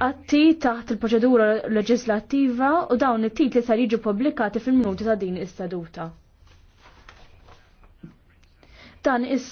atti taħt il-proċedura leġislattiva u dawn it-titli sar jiġu publikati fil-minuti ta' din is-seduta. Dan is